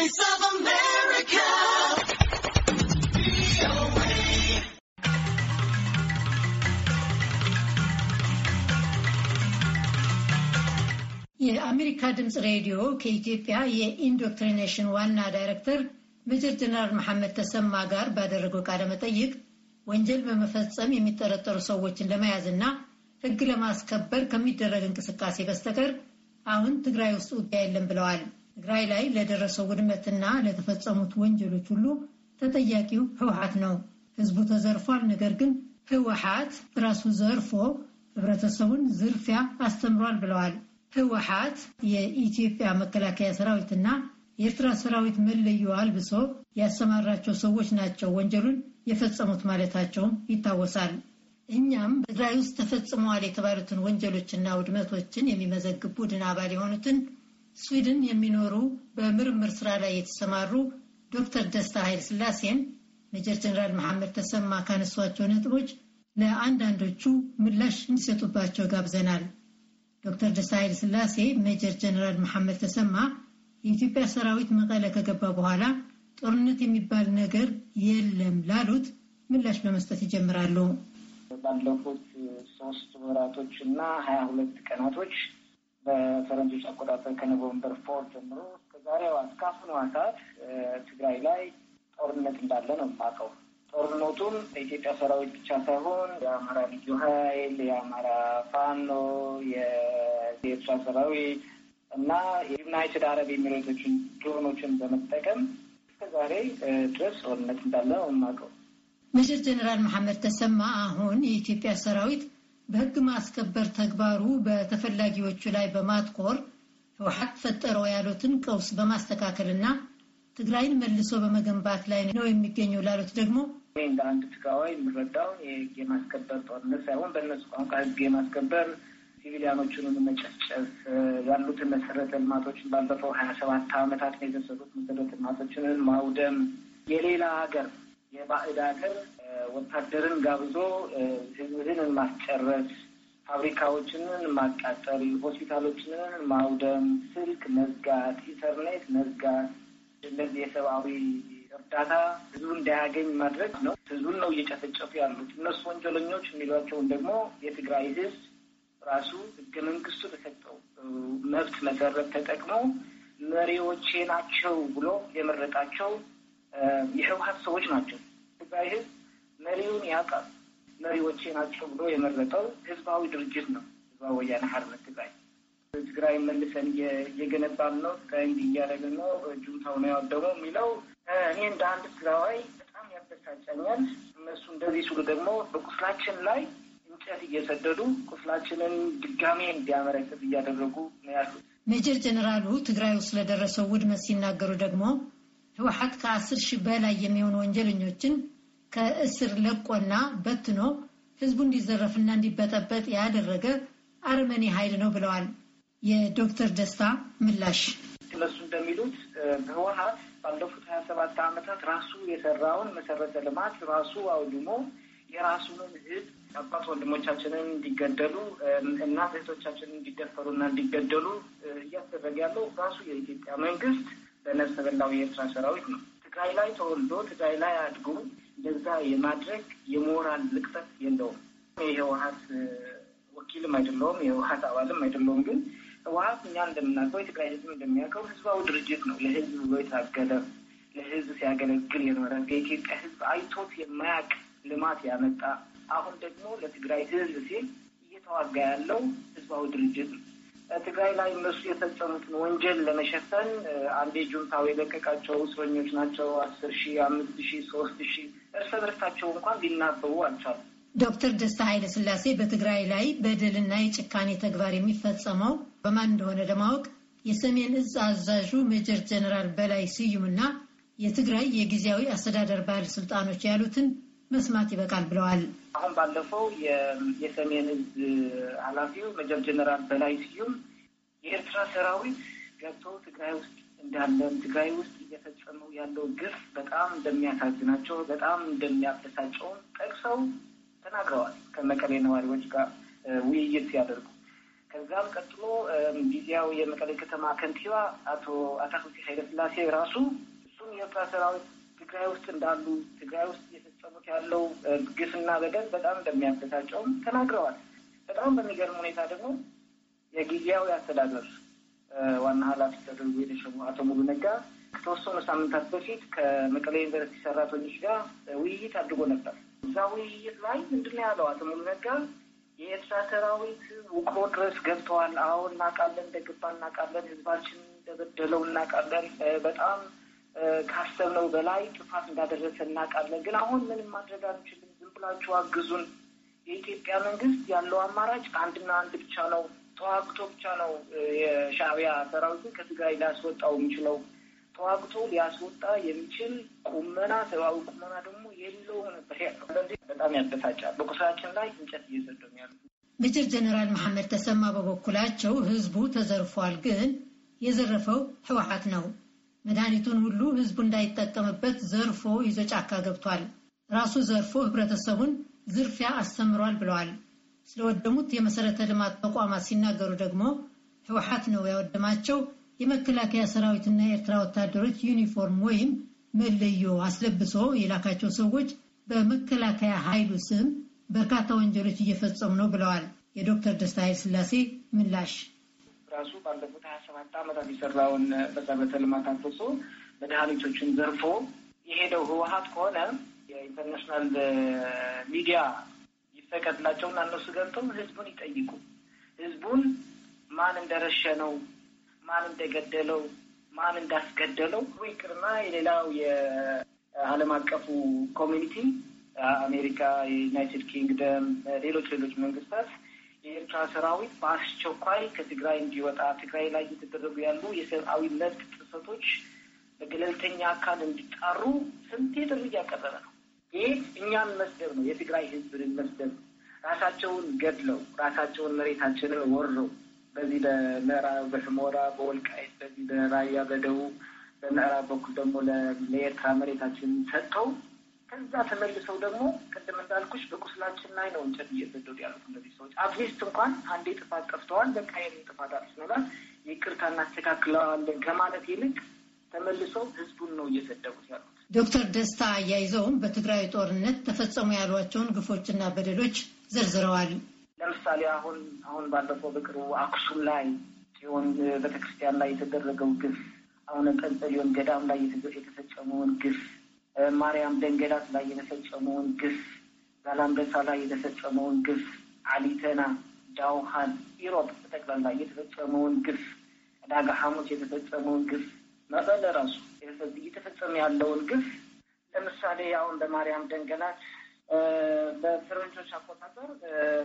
Voice of America. የአሜሪካ ድምፅ ሬዲዮ ከኢትዮጵያ የኢንዶክትሪኔሽን ዋና ዳይሬክተር ሜጀር ጀነራል መሐመድ ተሰማ ጋር ባደረገው ቃለ መጠይቅ ወንጀል በመፈጸም የሚጠረጠሩ ሰዎችን ለመያዝና ሕግ ለማስከበር ከሚደረግ እንቅስቃሴ በስተቀር አሁን ትግራይ ውስጥ ውጊያ የለም ብለዋል። ትግራይ ላይ ለደረሰው ውድመትና ለተፈጸሙት ወንጀሎች ሁሉ ተጠያቂው ህወሓት ነው። ህዝቡ ተዘርፏል። ነገር ግን ህወሓት ራሱ ዘርፎ ህብረተሰቡን ዝርፊያ አስተምሯል ብለዋል። ህወሓት የኢትዮጵያ መከላከያ ሰራዊትና የኤርትራ ሰራዊት መለዮ አልብሶ ያሰማራቸው ሰዎች ናቸው ወንጀሉን የፈጸሙት ማለታቸውም ይታወሳል። እኛም በትግራይ ውስጥ ተፈጽመዋል የተባሉትን ወንጀሎችና ውድመቶችን የሚመዘግብ ቡድን አባል የሆኑትን ስዊድን የሚኖሩ በምርምር ስራ ላይ የተሰማሩ ዶክተር ደስታ ኃይለ ስላሴን ሜጀር ጀነራል መሐመድ ተሰማ ካነሷቸው ነጥቦች ለአንዳንዶቹ ምላሽ እንዲሰጡባቸው ጋብዘናል። ዶክተር ደስታ ኃይለ ስላሴ ሜጀር ጀነራል መሐመድ ተሰማ የኢትዮጵያ ሰራዊት መቀለ ከገባ በኋላ ጦርነት የሚባል ነገር የለም ላሉት ምላሽ በመስጠት ይጀምራሉ። ባለፉት ሶስት ወራቶች እና ሀያ ሁለት ቀናቶች በፈረንጆች አቆጣጠር ከኖቨምበር ፎር ጀምሮ እስከዛሬዋ እስካሁኗ ሰዓት ትግራይ ላይ ጦርነት እንዳለ ነው የማውቀው። ጦርነቱም በኢትዮጵያ ሰራዊት ብቻ ሳይሆን የአማራ ልዩ ኃይል፣ የአማራ ፋኖ፣ የኤርትራ ሰራዊት እና የዩናይትድ አረብ ኤሚሬቶችን ድሮኖችን በመጠቀም እስከዛሬ ድረስ ጦርነት እንዳለ ነው የማውቀው። ሜጀር ጀኔራል መሐመድ ተሰማ አሁን የኢትዮጵያ ሰራዊት በህግ ማስከበር ተግባሩ በተፈላጊዎቹ ላይ በማትኮር ህወሓት ፈጠረው ያሉትን ቀውስ በማስተካከልና ትግራይን መልሶ በመገንባት ላይ ነው የሚገኘው ላሉት ደግሞ እንደ አንድ ትግራዋይ የምረዳው የህግ የማስከበር ጦርነት ሳይሆን በእነሱ ቋንቋ ህግ የማስከበር ሲቪሊያኖቹን መጨፍጨፍ ያሉትን መሰረተ ልማቶችን ባለፈው ሀያ ሰባት አመታት ነው የተሰሩት መሰረተ ልማቶችንን ማውደም የሌላ ሀገር የባዕድ ሀገር ወታደርን ጋብዞ ህዝብን ማስጨረስ፣ ፋብሪካዎችንን ማቃጠል፣ ሆስፒታሎችንን ማውደም፣ ስልክ መዝጋት፣ ኢንተርኔት መዝጋት፣ እንደዚህ የሰብአዊ እርዳታ ህዝቡ እንዳያገኝ ማድረግ ነው። ህዝቡን ነው እየጨፈጨፉ ያሉት እነሱ ወንጀለኞች የሚሏቸውን ደግሞ የትግራይ ህዝብ ራሱ ህገ መንግስቱ ተሰጠው መብት መሰረት ተጠቅሞ መሪዎቼ ናቸው ብሎ የመረጣቸው የህወሀት ሰዎች ናቸው። ትግራይ ህዝብ መሪውን ያውቃል። መሪዎቼ ናቸው ብሎ የመረጠው ህዝባዊ ድርጅት ነው። ህዝባዊ ወያነ ሓርነት ትግራይ ትግራይ መልሰን እየገነባን ነው፣ ትግራይ እንዲህ እያደረግን ነው፣ ጁንታው ነው ያወደሙ የሚለው እኔ እንደ አንድ ትግራዋይ በጣም ያበሳጫኛል። እነሱ እንደዚህ ሲሉ ደግሞ በቁስላችን ላይ እንጨት እየሰደዱ ቁስላችንን ድጋሜ እንዲያመረክት እያደረጉ ነው ያሉት። ሜጀር ጀኔራሉ ትግራይ ውስጥ ለደረሰው ውድመት ሲናገሩ ደግሞ ህወሓት ከአስር ሺህ በላይ የሚሆኑ ወንጀለኞችን ከእስር ለቆና በትኖ ህዝቡ እንዲዘረፍና እንዲበጠበጥ ያደረገ አረመኔ ኃይል ነው ብለዋል። የዶክተር ደስታ ምላሽ እነሱ እንደሚሉት ህወሓት ባለፉት ሀያ ሰባት ዓመታት ራሱ የሰራውን መሰረተ ልማት ራሱ አውድሞ የራሱንም ህዝብ አባት ወንድሞቻችንን እንዲገደሉ እናት እህቶቻችንን እንዲደፈሩና እንዲገደሉ እያስደረገ ያለው ራሱ የኢትዮጵያ መንግስት በነፍሰ በላው የኤርትራ ሰራዊት ነው። ትግራይ ላይ ተወልዶ ትግራይ ላይ አድጎ እንደዛ የማድረግ የሞራል ልቅጠት የለውም። የህወሀት ወኪልም አይደለውም፣ የህወሀት አባልም አይደለውም። ግን ህወሀት እኛ እንደምናውቀው የትግራይ ህዝብ እንደሚያውቀው ህዝባዊ ድርጅት ነው። ለህዝብ ብሎ የታገለ ለህዝብ ሲያገለግል የኖረ የኢትዮጵያ ህዝብ አይቶት የማያውቅ ልማት ያመጣ አሁን ደግሞ ለትግራይ ህዝብ ሲል እየተዋጋ ያለው ህዝባዊ ድርጅት ነው። ትግራይ ላይ እነሱ የፈጸሙትን ወንጀል ለመሸፈን አንዴ ጁንታው የለቀቃቸው እስረኞች ናቸው። አስር ሺ አምስት ሺ ሶስት ሺ እርስ በርሳቸው እንኳን ሊናበቡ አልቻሉ። ዶክተር ደስታ ኃይለ ስላሴ በትግራይ ላይ በደልና የጭካኔ ተግባር የሚፈጸመው በማን እንደሆነ ለማወቅ የሰሜን እዝ አዛዡ ሜጀር ጀነራል በላይ ስዩምና የትግራይ የጊዜያዊ አስተዳደር ባለስልጣኖች ያሉትን መስማት ይበቃል ብለዋል። አሁን ባለፈው የሰሜን እዝ ኃላፊው መጀር ጀነራል በላይ ስዩም የኤርትራ ሰራዊት ገብቶ ትግራይ ውስጥ እንዳለን ትግራይ ውስጥ እየፈጸመው ያለው ግፍ በጣም እንደሚያሳዝናቸው በጣም እንደሚያበሳጨውን ጠቅሰው ተናግረዋል። ከመቀሌ ነዋሪዎች ጋር ውይይት ሲያደርጉ ከዛም ቀጥሎ ጊዜያዊ የመቀሌ ከተማ ከንቲባ አቶ አታክልቲ ኃይለስላሴ ራሱ እሱም የኤርትራ ሰራዊት ትግራይ ውስጥ እንዳሉ ትግራይ ውስጥ እየፈጸሙት ያለው ግፍና በደል በጣም እንደሚያበሳጨውም ተናግረዋል። በጣም በሚገርም ሁኔታ ደግሞ የጊዜያዊ አስተዳደር ዋና ኃላፊ ተደርጎ የተሸሙ አቶ ሙሉ ነጋ ከተወሰኑ ሳምንታት በፊት ከመቀሌ ዩኒቨርሲቲ ሰራተኞች ጋር ውይይት አድርጎ ነበር። እዛ ውይይት ላይ ምንድን ነው ያለው አቶ ሙሉ ነጋ? የኤርትራ ሰራዊት ውቅሮ ድረስ ገብተዋል። አዎ እናውቃለን፣ እንደገባ እናውቃለን፣ ህዝባችን እንደበደለው እናውቃለን። በጣም ካሰብነው በላይ ጥፋት እንዳደረሰ እናውቃለን። ግን አሁን ምንም ማድረግ አንችልም። ዝም ብላችሁ አግዙን። የኢትዮጵያ መንግስት ያለው አማራጭ አንድና አንድ ብቻ ነው። ተዋግቶ ብቻ ነው የሻዕቢያ ሰራዊትን ከትግራይ ሊያስወጣው የሚችለው። ተዋግቶ ሊያስወጣ የሚችል ቁመና፣ ሰብአዊ ቁመና ደግሞ የሌለው ነበር ያለው። ስለዚህ በጣም ያበሳጫል። በቁስላችን ላይ እንጨት እየሰደሙ ያሉ ሜጀር ጀነራል መሐመድ ተሰማ በበኩላቸው ህዝቡ ተዘርፏል፣ ግን የዘረፈው ህወሓት ነው መድኃኒቱን ሁሉ ህዝቡ እንዳይጠቀምበት ዘርፎ ይዞ ጫካ ገብቷል። ራሱ ዘርፎ ህብረተሰቡን ዝርፊያ አስተምሯል ብለዋል። ስለወደሙት የመሰረተ ልማት ተቋማት ሲናገሩ ደግሞ ህወሓት ነው ያወደማቸው የመከላከያ ሰራዊትና የኤርትራ ወታደሮች ዩኒፎርም ወይም መለዮ አስለብሶ የላካቸው ሰዎች በመከላከያ ኃይሉ ስም በርካታ ወንጀሎች እየፈጸሙ ነው ብለዋል። የዶክተር ደስታ ኃይለ ስላሴ ምላሽ ራሱ ባለፉት ሀያ ሰባት ዓመታት የሰራውን መሰረተ ልማት አፍርሶ መድኃኒቶችን ዘርፎ የሄደው ህወሀት ከሆነ የኢንተርናሽናል ሚዲያ ይፈቀድላቸውና እነሱ ገብተው ህዝቡን ይጠይቁ። ህዝቡን ማን እንደረሸነው፣ ማን እንደገደለው፣ ማን እንዳስገደለው ይቅርና የሌላው የዓለም አቀፉ ኮሚኒቲ አሜሪካ፣ የዩናይትድ ኪንግደም፣ ሌሎች ሌሎች መንግስታት የኤርትራ ሰራዊት በአስቸኳይ ከትግራይ እንዲወጣ፣ ትግራይ ላይ እየተደረጉ ያሉ የሰብአዊ መብት ጥሰቶች በገለልተኛ አካል እንዲጣሩ ስንቴ ጥሪ እያቀረበ ነው። ይህ እኛን መስደብ ነው፣ የትግራይ ህዝብን መስደብ ነው። ራሳቸውን ገድለው ራሳቸውን መሬታችንን ወረው በዚህ በምዕራብ በሽሞራ በወልቃይት በዚህ በራያ በደቡብ በምዕራብ በኩል ደግሞ ለኤርትራ መሬታችንን ሰጥተው ከዛ ተመልሰው ደግሞ ቅድም እንዳልኩሽ በቁስላችን ላይ ነው እንጨት እየሰደዱ ያሉት እነዚህ ሰዎች። አትሊስት እንኳን አንዴ ጥፋት ጠፍተዋል፣ በቃ ይህን ጥፋት አልስመላል ይቅርታ እናስተካክለዋለን ከማለት ይልቅ ተመልሰው ህዝቡን ነው እየሰደቡት ያሉት። ዶክተር ደስታ አያይዘውም በትግራይ ጦርነት ተፈጸሙ ያሏቸውን ግፎችና በደሎች ዘርዝረዋል። ለምሳሌ አሁን አሁን ባለፈው በቅርቡ አክሱም ላይ ሲሆን ቤተክርስቲያን ላይ የተደረገው ግፍ፣ አሁን ጠንጠሊዮን ገዳም ላይ የተፈጸመውን ግፍ ማርያም ደንገላት ላይ የተፈጸመውን ግፍ፣ ጋላምበሳ ላይ የተፈጸመውን ግፍ፣ አሊተና፣ ዳውሃን፣ ኢሮብ በጠቅላላ የተፈጸመውን ግፍ፣ ዳጋ ሐሙስ የተፈጸመውን ግፍ፣ መቀለ ራሱ እየተፈጸመ ያለውን ግፍ ለምሳሌ አሁን በማርያም ደንገላት በፈረንጆች አቆጣጠር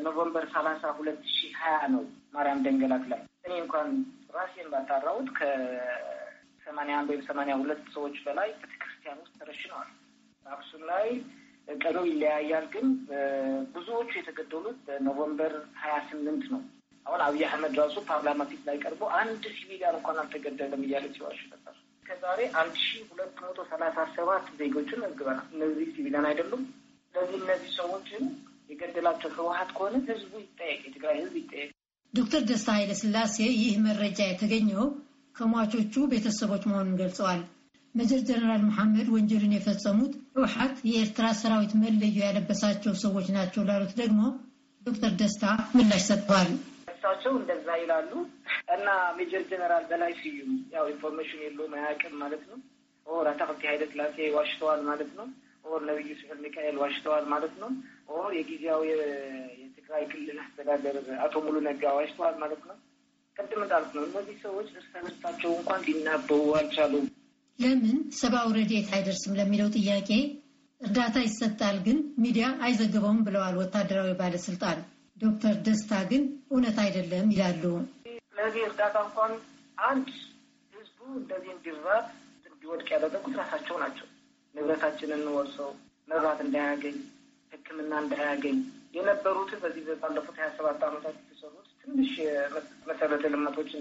ኖቨምበር ሰላሳ ሁለት ሺ ሀያ ነው ማርያም ደንገላት ላይ እኔ እንኳን ራሴን ባጣራሁት ከሰማኒያ አንድ ወይም ሰማኒያ ሁለት ሰዎች በላይ ቤተክርስቲያን ውስጥ ተረሽነዋል። አክሱም ላይ ቀኑ ይለያያል፣ ግን ብዙዎቹ የተገደሉት በኖቨምበር ሀያ ስምንት ነው። አሁን አብይ አህመድ ራሱ ፓርላማ ፊት ላይ ቀርቦ አንድ ሲቪሊያን እንኳን አልተገደለም እያለ ሲዋሽ ነበር። ከዛሬ አንድ ሺ ሁለት መቶ ሰላሳ ሰባት ዜጎችን መዝግበናል። እነዚህ ሲቪሊያን አይደሉም። ስለዚህ እነዚህ ሰዎችን የገደላቸው ህወሀት ከሆነ ህዝቡ ይጠየቅ፣ የትግራይ ህዝብ ይጠየቅ። ዶክተር ደስታ ኃይለስላሴ ይህ መረጃ የተገኘው ከሟቾቹ ቤተሰቦች መሆኑን ገልጸዋል። ሜጀር ጀነራል መሐመድ ወንጀልን የፈጸሙት ህወሓት የኤርትራ ሰራዊት መለዩ ያለበሳቸው ሰዎች ናቸው ላሉት ደግሞ ዶክተር ደስታ ምላሽ ሰጥተዋል። እሳቸው እንደዛ ይላሉ እና ሜጀር ጀነራል በላይ ስዩም ያው ኢንፎርሜሽን የለውም አያውቅም ማለት ነው። ኦር አታክልቲ ኃይለ ሥላሴ ዋሽተዋል ማለት ነው። ኦር ነቢዩ ስሑል ሚካኤል ዋሽተዋል ማለት ነው። ኦር የጊዜያዊ የትግራይ ክልል አስተዳደር አቶ ሙሉ ነጋ ዋሽተዋል ማለት ነው። ቅድም እንዳሉት ነው። እነዚህ ሰዎች እርስ እንኳን ሊናበቡ አልቻሉም። ለምን ሰብአዊ ረድኤት አይደርስም ለሚለው ጥያቄ እርዳታ ይሰጣል፣ ግን ሚዲያ አይዘግበውም ብለዋል ወታደራዊ ባለስልጣን። ዶክተር ደስታ ግን እውነት አይደለም ይላሉ። ለዚህ እርዳታ እንኳን አንድ ህዝቡ እንደዚህ እንዲራብ እንዲወድቅ ያደረጉት ራሳቸው ናቸው። ንብረታችንን እንወርሰው መብራት እንዳያገኝ ሕክምና እንዳያገኝ የነበሩትን በዚህ ባለፉት ሀያ ሰባት ዓመታት የተሰሩት ትንሽ መሰረተ ልማቶች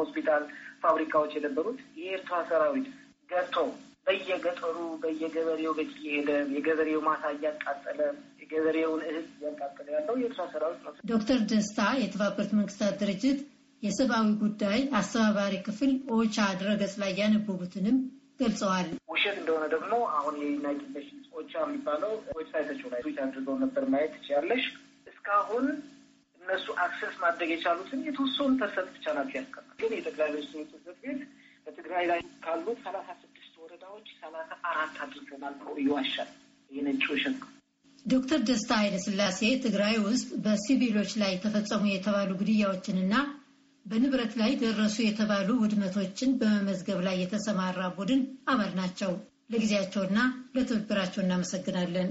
ሆስፒታል፣ ፋብሪካዎች የነበሩት የኤርትራ ሰራዊት ገብቶ በየገጠሩ በየገበሬው ቤት እየሄደ የገበሬው ማሳ እያቃጠለ የገበሬውን እህል እያቃጠለ ያለው የኤርትራ ሰራዊት ነው። ዶክተር ደስታ የተባበሩት መንግስታት ድርጅት የሰብአዊ ጉዳይ አስተባባሪ ክፍል ኦቻ ድረገጽ ላይ ያነበቡትንም ገልጸዋል። ውሸት እንደሆነ ደግሞ አሁን የዩናይትድ ኔሽንስ ኦቻ የሚባለው ዌብሳይታቸው ላይ ቱዊት አድርገው ነበር ማየት ትችያለሽ። እስካሁን እነሱ አክሰስ ማድረግ የቻሉትን የተወሰኑ ተሰጥ ብቻ ናቸው ያስቀምጣል። ግን የጠቅላይ ሚኒስትሩ ጽሕፈት ቤት በትግራይ ላይ ካሉት ሰላሳ ስድስት ወረዳዎች ሰላሳ አራት አድርገናል ነው ይዋሻል የነጮሽን ዶክተር ደስታ ኃይለስላሴ ትግራይ ውስጥ በሲቪሎች ላይ ተፈጸሙ የተባሉ ግድያዎችንና በንብረት ላይ ደረሱ የተባሉ ውድመቶችን በመመዝገብ ላይ የተሰማራ ቡድን አባል ናቸው። ለጊዜያቸውና ለትብብራቸው እናመሰግናለን።